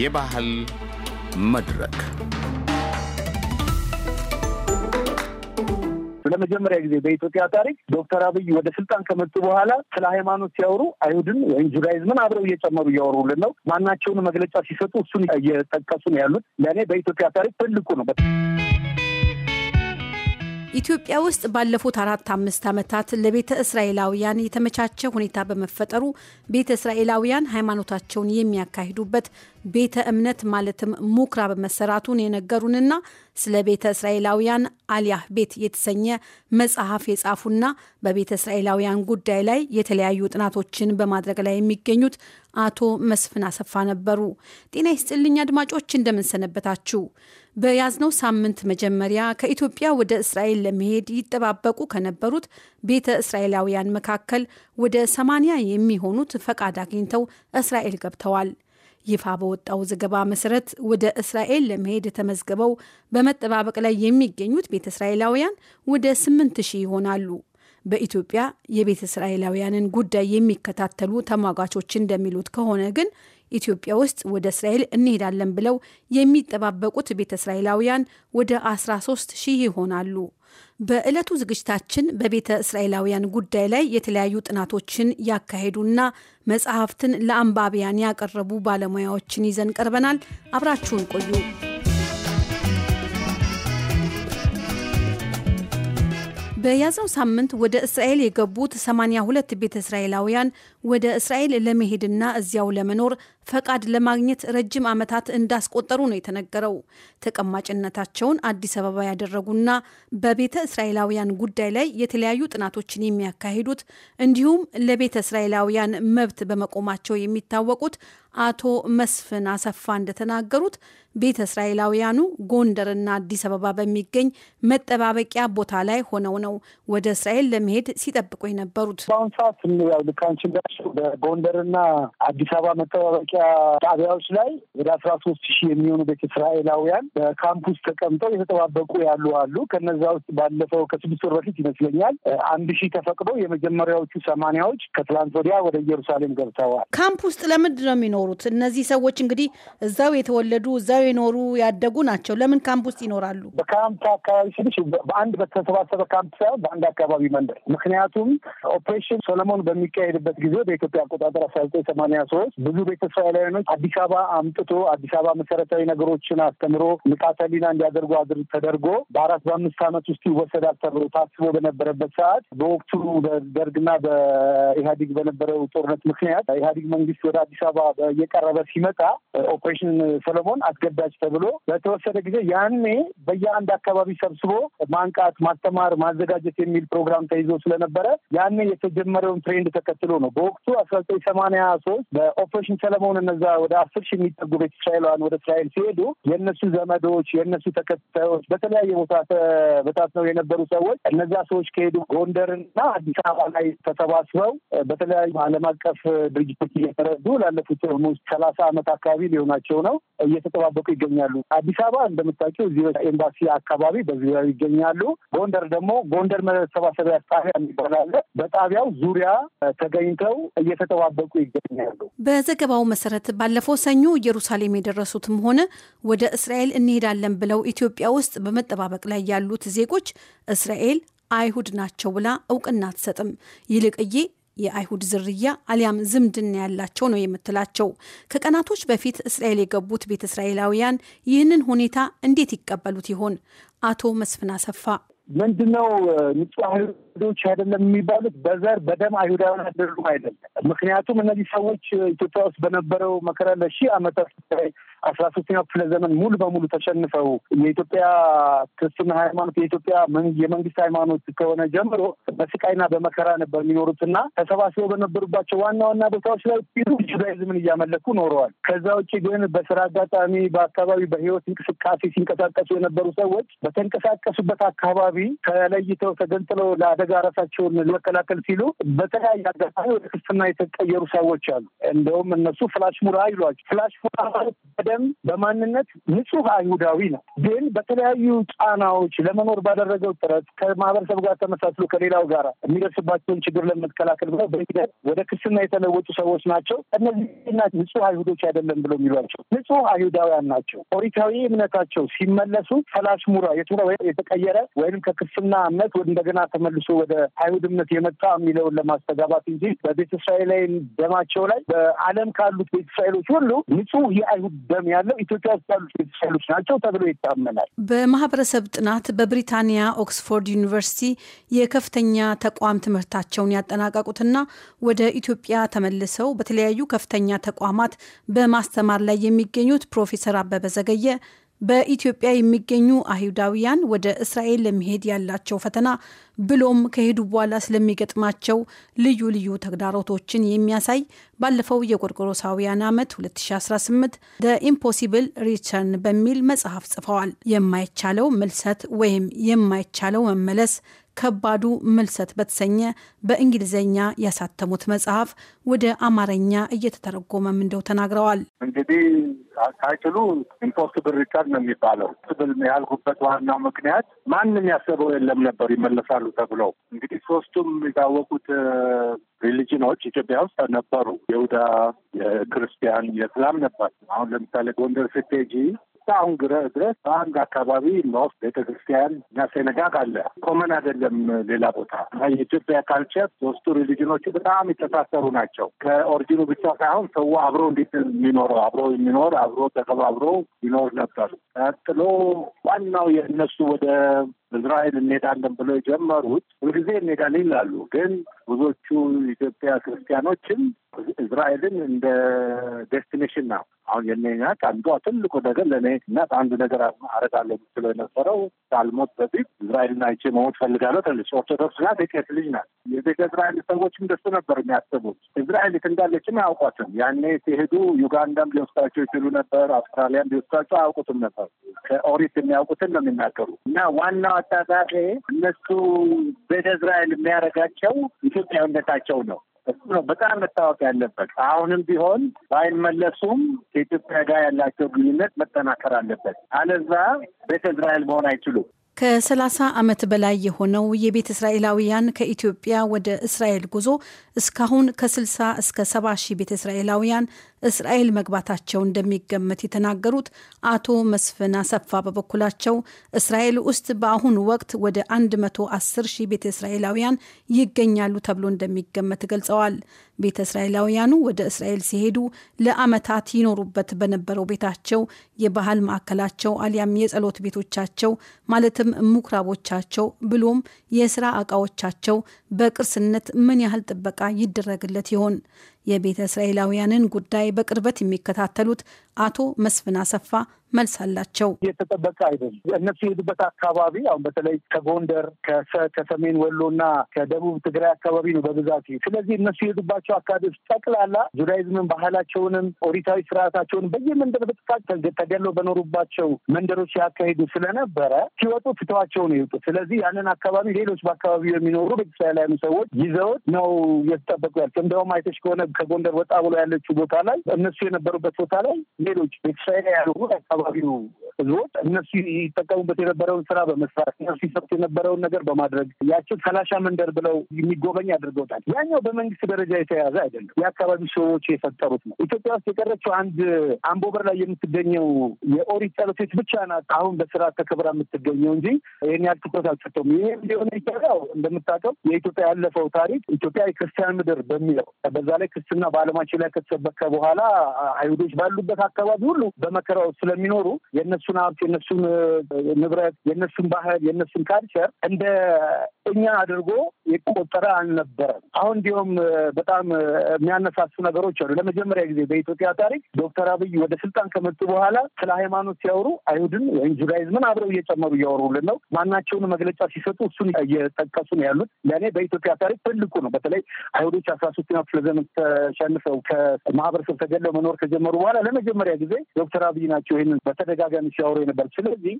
የባህል መድረክ ለመጀመሪያ ጊዜ በኢትዮጵያ ታሪክ ዶክተር አብይ ወደ ስልጣን ከመጡ በኋላ ስለ ሃይማኖት ሲያወሩ አይሁድን ወይም ጁዳይዝምን አብረው እየጨመሩ እያወሩልን ነው። ማናቸውን መግለጫ ሲሰጡ እሱን እየጠቀሱ ነው ያሉት። ለእኔ በኢትዮጵያ ታሪክ ትልቁ ነው። ኢትዮጵያ ውስጥ ባለፉት አራት አምስት ዓመታት ለቤተ እስራኤላውያን የተመቻቸ ሁኔታ በመፈጠሩ ቤተ እስራኤላውያን ሃይማኖታቸውን የሚያካሂዱበት ቤተ እምነት ማለትም ምኩራብ መሰራቱን የነገሩንና ስለ ቤተ እስራኤላውያን አሊያህ ቤት የተሰኘ መጽሐፍ የጻፉና በቤተ እስራኤላውያን ጉዳይ ላይ የተለያዩ ጥናቶችን በማድረግ ላይ የሚገኙት አቶ መስፍን አሰፋ ነበሩ። ጤና ይስጥልኝ አድማጮች፣ እንደምንሰነበታችሁ። በያዝነው ሳምንት መጀመሪያ ከኢትዮጵያ ወደ እስራኤል ለመሄድ ይጠባበቁ ከነበሩት ቤተ እስራኤላውያን መካከል ወደ ሰማንያ የሚሆኑት ፈቃድ አግኝተው እስራኤል ገብተዋል። ይፋ በወጣው ዘገባ መሰረት ወደ እስራኤል ለመሄድ ተመዝግበው በመጠባበቅ ላይ የሚገኙት ቤተ እስራኤላውያን ወደ ስምንት ሺህ ይሆናሉ። በኢትዮጵያ የቤተ እስራኤላውያንን ጉዳይ የሚከታተሉ ተሟጋቾች እንደሚሉት ከሆነ ግን ኢትዮጵያ ውስጥ ወደ እስራኤል እንሄዳለን ብለው የሚጠባበቁት ቤተ እስራኤላውያን ወደ 13 ሺህ ይሆናሉ። በዕለቱ ዝግጅታችን በቤተ እስራኤላውያን ጉዳይ ላይ የተለያዩ ጥናቶችን ያካሄዱና መጽሐፍትን ለአንባቢያን ያቀረቡ ባለሙያዎችን ይዘን ቀርበናል። አብራችሁን ቆዩ። በያዘው ሳምንት ወደ እስራኤል የገቡት 82 ቤተ እስራኤላውያን ወደ እስራኤል ለመሄድና እዚያው ለመኖር ፈቃድ ለማግኘት ረጅም ዓመታት እንዳስቆጠሩ ነው የተነገረው። ተቀማጭነታቸውን አዲስ አበባ ያደረጉና በቤተ እስራኤላውያን ጉዳይ ላይ የተለያዩ ጥናቶችን የሚያካሂዱት እንዲሁም ለቤተ እስራኤላውያን መብት በመቆማቸው የሚታወቁት አቶ መስፍን አሰፋ እንደተናገሩት ቤተ እስራኤላውያኑ ጎንደርና አዲስ አበባ በሚገኝ መጠባበቂያ ቦታ ላይ ሆነው ነው ወደ እስራኤል ለመሄድ ሲጠብቁ የነበሩት። በአሁኑ ሰዓት ያው ልክ አንቺ በጎንደርና አዲስ አበባ መጠባበቂያ ጣቢያዎች ላይ ወደ አስራ ሶስት ሺህ የሚሆኑ ቤተ እስራኤላውያን በካምፕ ተቀምጠው የተጠባበቁ ያሉ አሉ። ከነዛ ውስጥ ባለፈው ከስድስት ወር በፊት ይመስለኛል አንድ ሺህ ተፈቅዶ የመጀመሪያዎቹ ሰማንያዎች ከትላንት ወዲያ ወደ ኢየሩሳሌም ገብተዋል። ካምፕ ውስጥ ለምንድን ነው የሚኖሩ? የሚኖሩት? እነዚህ ሰዎች እንግዲህ እዛው የተወለዱ እዛው የኖሩ ያደጉ ናቸው። ለምን ካምፕ ውስጥ ይኖራሉ? በካምፕ አካባቢ ስልሽ በአንድ በተሰባሰበ ካምፕ ሳይሆን በአንድ አካባቢ መንደር። ምክንያቱም ኦፕሬሽን ሰለሞን በሚካሄድበት ጊዜ በኢትዮጵያ አቆጣጠር አስራ ዘጠኝ ሰማንያ ሶስት ብዙ ቤተ እስራኤላውያኖች አዲስ አበባ አምጥቶ አዲስ አበባ መሰረታዊ ነገሮችን አስተምሮ ንቃተ እንዲያደርጉ አድር ተደርጎ በአራት በአምስት ዓመት ውስጥ ይወሰዳል ተብሎ ታስቦ በነበረበት ሰዓት በወቅቱ በደርግና በኢህአዲግ በነበረው ጦርነት ምክንያት ኢህአዲግ መንግስት ወደ አዲስ አበባ እየቀረበ ሲመጣ ኦፕሬሽን ሰለሞን አስገዳጅ ተብሎ በተወሰደ ጊዜ ያኔ በየአንድ አካባቢ ሰብስቦ ማንቃት፣ ማስተማር፣ ማዘጋጀት የሚል ፕሮግራም ተይዞ ስለነበረ ያኔ የተጀመረውን ትሬንድ ተከትሎ ነው። በወቅቱ አስራ ዘጠኝ ሰማንያ ሶስት በኦፕሬሽን ሰለሞን እነዛ ወደ አስር ሺህ የሚጠጉ ቤተ እስራኤላውያን ወደ እስራኤል ሲሄዱ የእነሱ ዘመዶች የእነሱ ተከታዮች በተለያየ ቦታ ነው የነበሩ ሰዎች እነዛ ሰዎች ከሄዱ ጎንደርና አዲስ አበባ ላይ ተሰባስበው በተለያዩ ዓለም አቀፍ ድርጅቶች እየተረዱ ላለፉት ኦልሞስት ሰላሳ አመት አካባቢ ሊሆናቸው ነው። እየተጠባበቁ ይገኛሉ። አዲስ አበባ እንደምታውቂው እዚህ ኤምባሲ አካባቢ በዙሪያ ይገኛሉ። ጎንደር ደግሞ ጎንደር መሰባሰቢያ ጣቢያ የሚባል አለ። በጣቢያው ዙሪያ ተገኝተው እየተጠባበቁ ይገኛሉ። በዘገባው መሰረት ባለፈው ሰኞ ኢየሩሳሌም የደረሱትም ሆነ ወደ እስራኤል እንሄዳለን ብለው ኢትዮጵያ ውስጥ በመጠባበቅ ላይ ያሉት ዜጎች እስራኤል አይሁድ ናቸው ብላ እውቅና አትሰጥም። ይልቅዬ የአይሁድ ዝርያ አሊያም ዝምድና ያላቸው ነው የምትላቸው። ከቀናቶች በፊት እስራኤል የገቡት ቤተ እስራኤላውያን ይህንን ሁኔታ እንዴት ይቀበሉት ይሆን? አቶ መስፍን አሰፋ ምንድነው ንጹህ አይሁዶች አይደለም የሚባሉት በዘር በደም አይሁዳውን አይደሉም አይደለም። ምክንያቱም እነዚህ ሰዎች ኢትዮጵያ ውስጥ በነበረው መከራ ለሺህ ዓመታት አስራ ሶስተኛው ክፍለ ዘመን ሙሉ በሙሉ ተሸንፈው የኢትዮጵያ ክርስትና ሃይማኖት የኢትዮጵያ የመንግስት ሃይማኖት ከሆነ ጀምሮ በስቃይና በመከራ ነበር የሚኖሩትና ተሰባስበው በነበሩባቸው ዋና ዋና ቦታዎች ላይ ሩ ጁዳይዝምን እያመለኩ ኖረዋል። ከዛ ውጭ ግን በስራ አጋጣሚ በአካባቢ በህይወት እንቅስቃሴ ሲንቀሳቀሱ የነበሩ ሰዎች በተንቀሳቀሱበት አካባቢ ተለይተው ተገንጥለው ለአደ ፍለጋ ራሳቸውን ለመከላከል ሲሉ በተለያየ አጋጣሚ ወደ ክርስትና የተቀየሩ ሰዎች አሉ። እንደውም እነሱ ፍላሽ ሙራ ይሏቸው። ፍላሽ ሙራ ማለት በደም በማንነት ንጹህ አይሁዳዊ ነው፣ ግን በተለያዩ ጫናዎች ለመኖር ባደረገው ጥረት ከማህበረሰብ ጋር ተመሳስሎ ከሌላው ጋር የሚደርስባቸውን ችግር ለመከላከል ብለው በሂደት ወደ ክርስትና የተለወጡ ሰዎች ናቸው። እነዚህና ንጹህ አይሁዶች አይደለም ብሎ የሚሏቸው ንጹህ አይሁዳውያን ናቸው። ኦሪታዊ እምነታቸው ሲመለሱ ፈላሽ ሙራ የተቀየረ ወይም ከክርስትና እምነት እንደገና ተመልሶ ወደ አይሁድነት የመጣ የሚለውን ለማስተጋባት እንጂ በቤተ ላይ ደማቸው ላይ በዓለም ካሉት ቤተ እስራኤሎች ሁሉ ንጹህ የአይሁድ ደም ያለው ኢትዮጵያ ውስጥ ያሉት ቤተ እስራኤሎች ናቸው ተብሎ ይታመናል። በማህበረሰብ ጥናት በብሪታንያ ኦክስፎርድ ዩኒቨርሲቲ የከፍተኛ ተቋም ትምህርታቸውን ያጠናቀቁትና ወደ ኢትዮጵያ ተመልሰው በተለያዩ ከፍተኛ ተቋማት በማስተማር ላይ የሚገኙት ፕሮፌሰር አበበ ዘገየ በኢትዮጵያ የሚገኙ አይሁዳውያን ወደ እስራኤል ለመሄድ ያላቸው ፈተና ብሎም ከሄዱ በኋላ ስለሚገጥማቸው ልዩ ልዩ ተግዳሮቶችን የሚያሳይ ባለፈው የጎርጎሮሳውያን ዓመት 2018 ደ ኢምፖሲብል ሪተርን በሚል መጽሐፍ ጽፈዋል። የማይቻለው ምልሰት ወይም የማይቻለው መመለስ ከባዱ ምልሰት በተሰኘ በእንግሊዝኛ ያሳተሙት መጽሐፍ ወደ አማርኛ እየተተረጎመም እንደው ተናግረዋል። እንግዲህ ታይትሉ ኢምፖስብል ሪተርን ነው የሚባለው። ስብል ያልኩበት ዋናው ምክንያት ማንም ያሰበው የለም ነበር ይመለሳሉ ተብለው እንግዲህ ሶስቱም የታወቁት ሪሊጅኖች ኢትዮጵያ ውስጥ ነበሩ። የይሁዳ፣ የክርስቲያን፣ የእስላም ነበር። አሁን ለምሳሌ ጎንደር ስቴጂ አሁን ድረስ በአንድ አካባቢ ኖስ ቤተክርስቲያን እና ሴነጋግ አለ። ኮመን አይደለም ሌላ ቦታ። የኢትዮጵያ ካልቸር ሶስቱ ሪሊጅኖቹ በጣም የተሳሰሩ ናቸው። ከኦሪጂኑ ብቻ ሳይሆን ሰው አብሮ እንዴት የሚኖረው አብሮ የሚኖር አብሮ ተከባብሮ ይኖር ነበር። ቀጥሎ ዋናው የእነሱ ወደ እስራኤል እንሄዳለን ብለው የጀመሩት ሁልጊዜ እንሄዳለን ይላሉ። ግን ብዙዎቹ ኢትዮጵያ ክርስቲያኖችም እስራኤልን እንደ ዴስቲኔሽን ነው። አሁን የኔናት አንዷ ትልቁ ነገር ለእኔ እናት አንድ ነገር አረጋለሁ የምትለው የነበረው ሳልሞት በፊት እስራኤልና አይቼ መሞት ፈልጋለሁ ትልች ኦርቶዶክስ ናት። የቄስ ልጅ ናት። የቤተ እስራኤል ሰዎች እንደሱ ነበር የሚያስቡት። እስራኤል የት እንዳለችም አያውቋትም። ያኔ ሲሄዱ ዩጋንዳም ሊወስዳቸው ይችሉ ነበር፣ አውስትራሊያም ሊወስዳቸው አያውቁትም ነበር። ከኦሪት የሚያውቁትን ነው የሚናገሩ እና ዋና አስተሳሰብ እነሱ ቤተ እስራኤል የሚያደርጋቸው ኢትዮጵያዊነታቸው ነው። እሱ ነው በጣም መታወቅ ያለበት። አሁንም ቢሆን ባይመለሱም ከኢትዮጵያ ጋር ያላቸው ግንኙነት መጠናከር አለበት። አለዛ ቤተ እስራኤል መሆን አይችሉም። ከሰላሳ ዓመት በላይ የሆነው የቤተ እስራኤላውያን ከኢትዮጵያ ወደ እስራኤል ጉዞ እስካሁን ከ60 እስከ 70 ሺህ ቤተ እስራኤላውያን እስራኤል መግባታቸው እንደሚገመት የተናገሩት አቶ መስፍን አሰፋ በበኩላቸው እስራኤል ውስጥ በአሁኑ ወቅት ወደ 110 ሺህ ቤተ እስራኤላውያን ይገኛሉ ተብሎ እንደሚገመት ገልጸዋል። ቤተ እስራኤላውያኑ ወደ እስራኤል ሲሄዱ ለዓመታት ይኖሩበት በነበረው ቤታቸው፣ የባህል ማዕከላቸው አሊያም የጸሎት ቤቶቻቸው ማለትም ምኩራቦቻቸው ብሎም የስራ እቃዎቻቸው። በቅርስነት ምን ያህል ጥበቃ ይደረግለት ይሆን? የቤተ እስራኤላውያንን ጉዳይ በቅርበት የሚከታተሉት አቶ መስፍን አሰፋ መልስ አላቸው። የተጠበቀ አይደለም። እነሱ የሄዱበት አካባቢ አሁን በተለይ ከጎንደር ከሰሜን ወሎ እና ከደቡብ ትግራይ አካባቢ ነው በብዛት። ስለዚህ እነሱ የሄዱባቸው አካባቢዎች ጠቅላላ ጁዳይዝምን፣ ባህላቸውንም፣ ኦሪታዊ ስርዓታቸውን በየመንደር በጥቃት ተገለው በኖሩባቸው መንደሮች ያካሄዱ ስለነበረ ሲወጡ ፍተዋቸው ነው ይወጡ። ስለዚህ ያንን አካባቢ ሌሎች በአካባቢው የሚኖሩ በእስራኤላውያኑ ሰዎች ይዘውት ነው የተጠበቁ ያሉት። እንደውም አይተሽ ከሆነ ከጎንደር ወጣ ብሎ ያለችው ቦታ ላይ እነሱ የነበሩበት ቦታ ላይ ሌሎች በእስራኤል ያልሆኑ I love you ህዝቦች እነሱ ይጠቀሙበት የነበረውን ስራ በመስራት እነሱ ይሰሩት የነበረውን ነገር በማድረግ ያቸው ፈላሻ መንደር ብለው የሚጎበኝ አድርገውታል። ያኛው በመንግስት ደረጃ የተያዘ አይደለም፣ የአካባቢ ሰዎች የፈጠሩት ነው። ኢትዮጵያ ውስጥ የቀረችው አንድ አምቦበር ላይ የምትገኘው የኦሪት ጸሎቶች ብቻ ናት አሁን በስርዓት ተከብራ የምትገኘው እንጂ ይህን ያህል ትኩረት አልሰጠውም። ይህም ሊሆነ ይቻላል እንደምታውቀው የኢትዮጵያ ያለፈው ታሪክ ኢትዮጵያ የክርስቲያን ምድር በሚለው በዛ ላይ ክርስትና በዓለማችን ላይ ከተሰበከ በኋላ አይሁዶች ባሉበት አካባቢ ሁሉ በመከራ ስለሚኖሩ የእነሱ የእነሱን ሀብት፣ የእነሱን ንብረት፣ የእነሱን ባህል፣ የእነሱን ካልቸር እንደ እኛ አድርጎ የቆጠረ አልነበረም። አሁን እንዲሁም በጣም የሚያነሳሱ ነገሮች አሉ። ለመጀመሪያ ጊዜ በኢትዮጵያ ታሪክ ዶክተር አብይ ወደ ስልጣን ከመጡ በኋላ ስለ ሃይማኖት ሲያወሩ አይሁድን ወይም ጁዳይዝምን አብረው እየጨመሩ እያወሩልን ነው። ማናቸውን መግለጫ ሲሰጡ እሱን እየጠቀሱ ነው ያሉት። ለእኔ በኢትዮጵያ ታሪክ ትልቁ ነው። በተለይ አይሁዶች አስራ ሶስተኛው ክፍለ ዘመን ተሸንፈው ከማህበረሰብ ተገለው መኖር ከጀመሩ በኋላ ለመጀመሪያ ጊዜ ዶክተር አብይ ናቸው ይህንን በተደጋጋሚ ሲያወሩ የነበር። ስለዚህ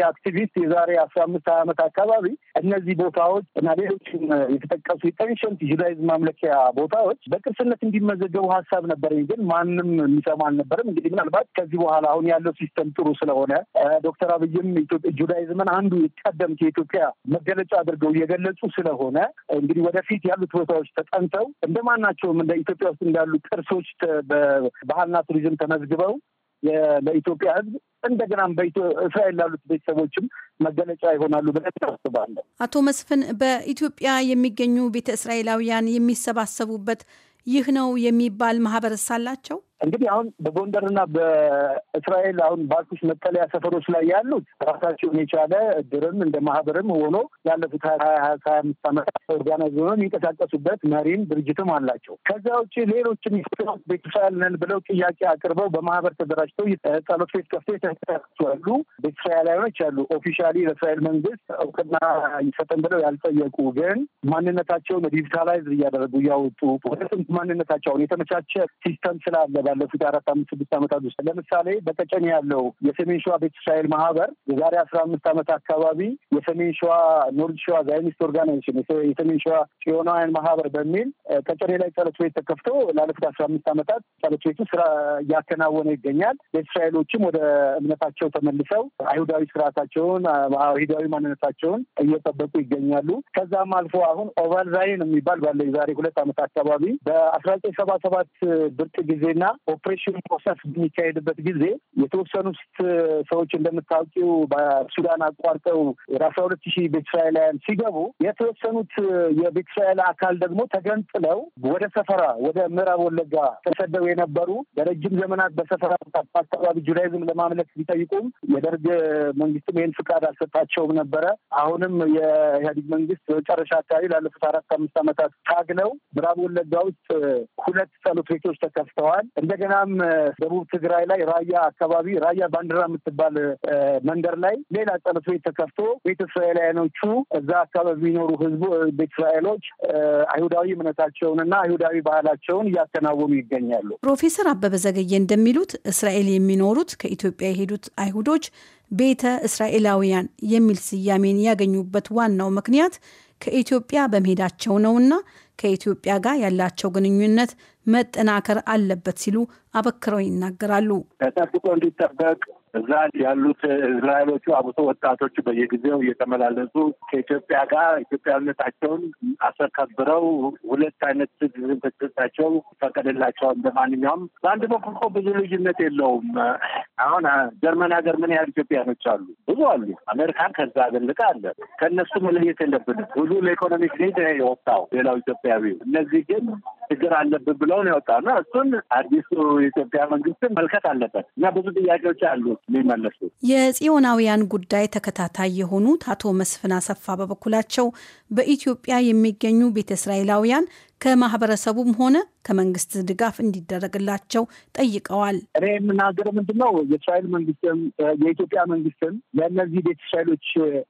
የአክቲቪስት የዛሬ አስራ አምስት ሀያ ዓመት አካባቢ እነዚህ ቦታዎች እና ሌሎችም የተጠቀሱ የጠንሸንት ጁዳይዝ ማምለኪያ ቦታዎች በቅርስነት እንዲመዘገቡ ሀሳብ ነበረኝ፣ ግን ማንም የሚሰማ አልነበረም። እንግዲህ ምናልባት ከዚህ በኋላ አሁን ያለው ሲስተም ጥሩ ስለሆነ ዶክተር አብይም ጁዳይዝምን አንዱ ቀደምት የኢትዮጵያ መገለጫ አድርገው የገለጹ ስለሆነ እንግዲህ ወደፊት ያሉት ቦታዎች ተጠንተው እንደማናቸውም እንደ ኢትዮጵያ ውስጥ እንዳሉ ቅርሶች በባህልና ቱሪዝም ተመዝግበው ለኢትዮጵያ ህዝብ እንደገናም እስራኤል ላሉት ቤተሰቦችም መገለጫ ይሆናሉ ብለን ታስባለን። አቶ መስፍን በኢትዮጵያ የሚገኙ ቤተ እስራኤላውያን የሚሰባሰቡበት ይህ ነው የሚባል ማህበረሰብ አላቸው? እንግዲህ አሁን በጎንደርና በእስራኤል አሁን ባልኩሽ መጠለያ ሰፈሮች ላይ ያሉት ራሳቸውን የቻለ እድርም እንደ ማህበርም ሆኖ ያለፉት ሀያ ሀያ አምስት ዓመታት ኦርጋናይዝ ሆኖ የሚንቀሳቀሱበት መሪም ድርጅትም አላቸው። ከዚያ ውጭ ሌሎችም ቤተሰብ ነን ብለው ጥያቄ አቅርበው በማህበር ተደራጅተው ጸሎት ቤት ከፍቶ የተንቀሳቀሱ ያሉ ቤተእስራኤላውያኖች አሉ። ኦፊሻሊ ለእስራኤል መንግስት እውቅና ይሰጠን ብለው ያልጠየቁ ግን ማንነታቸውን ዲጂታላይዝ እያደረጉ እያወጡ ማንነታቸውን የተመቻቸ ሲስተም ስላለ ባለፉት አራት አምስት ስድስት ዓመታት ውስጥ ለምሳሌ በቀጨኔ ያለው የሰሜን ሸዋ ቤተ እስራኤል ማህበር የዛሬ አስራ አምስት ዓመት አካባቢ የሰሜን ሸዋ ኖርድ ሸዋ ዛይኒስት ኦርጋናይዜሽን የሰሜን ሸዋ ጽዮናውያን ማህበር በሚል ቀጨኔ ላይ ጸሎት ቤት ተከፍቶ ላለፉት አስራ አምስት ዓመታት ጸሎት ቤቱ ስራ እያከናወነ ይገኛል። ቤተ እስራኤሎችም ወደ እምነታቸው ተመልሰው አይሁዳዊ ስርዓታቸውን አይሁዳዊ ማንነታቸውን እየጠበቁ ይገኛሉ። ከዛም አልፎ አሁን ኦቫል ዛይን የሚባል ባለ የዛሬ ሁለት ዓመት አካባቢ በአስራ ዘጠኝ ሰባ ሰባት ብርቅ ጊዜና ኦፕሬሽን ፕሮሰስ በሚካሄድበት ጊዜ የተወሰኑ ሰዎች እንደምታውቂው በሱዳን አቋርጠው ወደ አስራ ሁለት ሺህ ቤተ እስራኤላውያን ሲገቡ የተወሰኑት የቤተ እስራኤል አካል ደግሞ ተገንጥለው ወደ ሰፈራ ወደ ምዕራብ ወለጋ ተሰደው የነበሩ በረጅም ዘመናት በሰፈራ አካባቢ ጁዳይዝም ለማምለክ ቢጠይቁም የደርግ መንግስትም ይህን ፍቃድ አልሰጣቸውም ነበረ። አሁንም የኢህአዴግ መንግስት በመጨረሻ አካባቢ ላለፉት አራት አምስት ዓመታት ታግለው ምዕራብ ወለጋ ውስጥ ሁለት ጸሎት ቤቶች ተከፍተዋል። እንደገናም ደቡብ ትግራይ ላይ ራያ አካባቢ ራያ ባንዲራ የምትባል መንደር ላይ ሌላ ጸሎት ቤት ተከፍቶ ቤተ እስራኤላውያኖቹ እዛ አካባቢ የሚኖሩ ህዝቡ ቤተ እስራኤሎች አይሁዳዊ እምነታቸውንና አይሁዳዊ ባህላቸውን እያከናወኑ ይገኛሉ። ፕሮፌሰር አበበ ዘገየ እንደሚሉት እስራኤል የሚኖሩት ከኢትዮጵያ የሄዱት አይሁዶች ቤተ እስራኤላውያን የሚል ስያሜን ያገኙበት ዋናው ምክንያት ከኢትዮጵያ በመሄዳቸው ነውና ከኢትዮጵያ ጋር ያላቸው ግንኙነት መጠናከር አለበት ሲሉ አበክረው ይናገራሉ። ተጠብቆ እንዲጠበቅ እዛ ያሉት እስራኤሎቹ አብሶ ወጣቶቹ በየጊዜው እየተመላለሱ ከኢትዮጵያ ጋር ኢትዮጵያዊነታቸውን አስከብረው ሁለት አይነት ዝንትታቸው ፈቀደላቸዋል። በማንኛውም በአንድ በኩል እኮ ብዙ ልዩነት የለውም። አሁን ጀርመን ሀገር ምን ያህል ኢትዮጵያኖች አሉ? ብዙ አሉ። አሜሪካን ከዛ አገልቃ አለ። ከእነሱ መለየት የለብንም። ብዙ ለኢኮኖሚክ ኒድ የወጣው ሌላው ኢትዮጵያዊ እነዚህ ግን ችግር አለብን ብለው ነው እና እሱን አዲሱ የኢትዮጵያ መንግስትን መልከት አለበት እና ብዙ ጥያቄዎች አሉ ሊመለሱ። የጽዮናውያን ጉዳይ ተከታታይ የሆኑት አቶ መስፍን አሰፋ በበኩላቸው በኢትዮጵያ የሚገኙ ቤተ እስራኤላውያን ከማህበረሰቡም ሆነ ከመንግስት ድጋፍ እንዲደረግላቸው ጠይቀዋል። እኔ የምናገር ምንድን ነው የእስራኤል መንግስትም የኢትዮጵያ መንግስትም ለእነዚህ ቤተ እስራኤሎች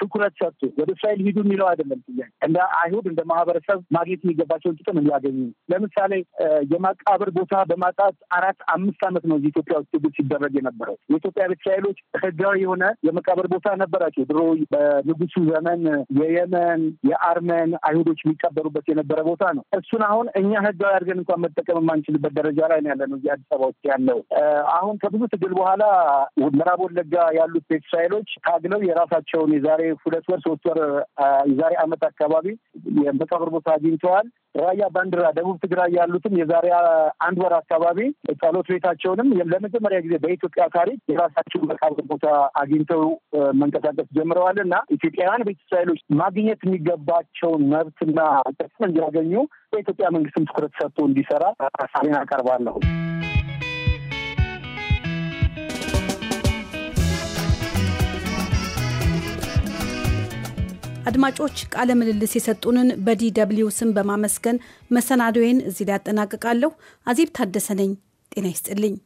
ትኩረት ሰጡ። ወደ እስራኤል ሂዱ የሚለው አይደለም ጥያቄ። እንደ አይሁድ እንደ ማህበረሰብ ማግኘት የሚገባቸውን ጥቅም እንዲያገኙ፣ ለምሳሌ የመቃብር ቦታ በማጣት አራት አምስት ዓመት ነው ኢትዮጵያ ውስጥ ትግል ሲደረግ የነበረው። የኢትዮጵያ ቤተ እስራኤሎች ህጋዊ የሆነ የመቃብር ቦታ ነበራቸው። ድሮ በንጉሱ ዘመን የየመን የአርመን አይሁዶች የሚቀበሩበት የነበረ ቦታ ነው እሱ እሱን አሁን እኛ ህጋዊ አድርገን እንኳን መጠቀም የማንችልበት ደረጃ ላይ ያለ ነው። አዲስ አበባ ውስጥ ያለው አሁን ከብዙ ትግል በኋላ ምዕራብ ወለጋ ያሉት ቴክስታይሎች ታግለው የራሳቸውን የዛሬ ሁለት ወር ሶስት ወር የዛሬ አመት አካባቢ የመቃብር ቦታ አግኝተዋል። ራያ ባንዲራ ደቡብ ትግራይ ያሉትም የዛሬ አንድ ወር አካባቢ ጸሎት ቤታቸውንም ለመጀመሪያ ጊዜ በኢትዮጵያ ታሪክ የራሳቸውን መቃብር ቦታ አግኝተው መንቀሳቀስ ጀምረዋል እና ኢትዮጵያውያን ቤተ እስራኤሎች ማግኘት የሚገባቸውን መብትና ጥቅም እንዲያገኙ በኢትዮጵያ መንግስትም ትኩረት ሰጥቶ እንዲሰራ ሀሳቤን አቀርባለሁ። አድማጮች ቃለ ምልልስ የሰጡንን በዲደብሊው ስም በማመስገን መሰናዶዬን እዚህ ላይ ያጠናቅቃለሁ። አዜብ ታደሰ ነኝ። ጤና ይስጥልኝ።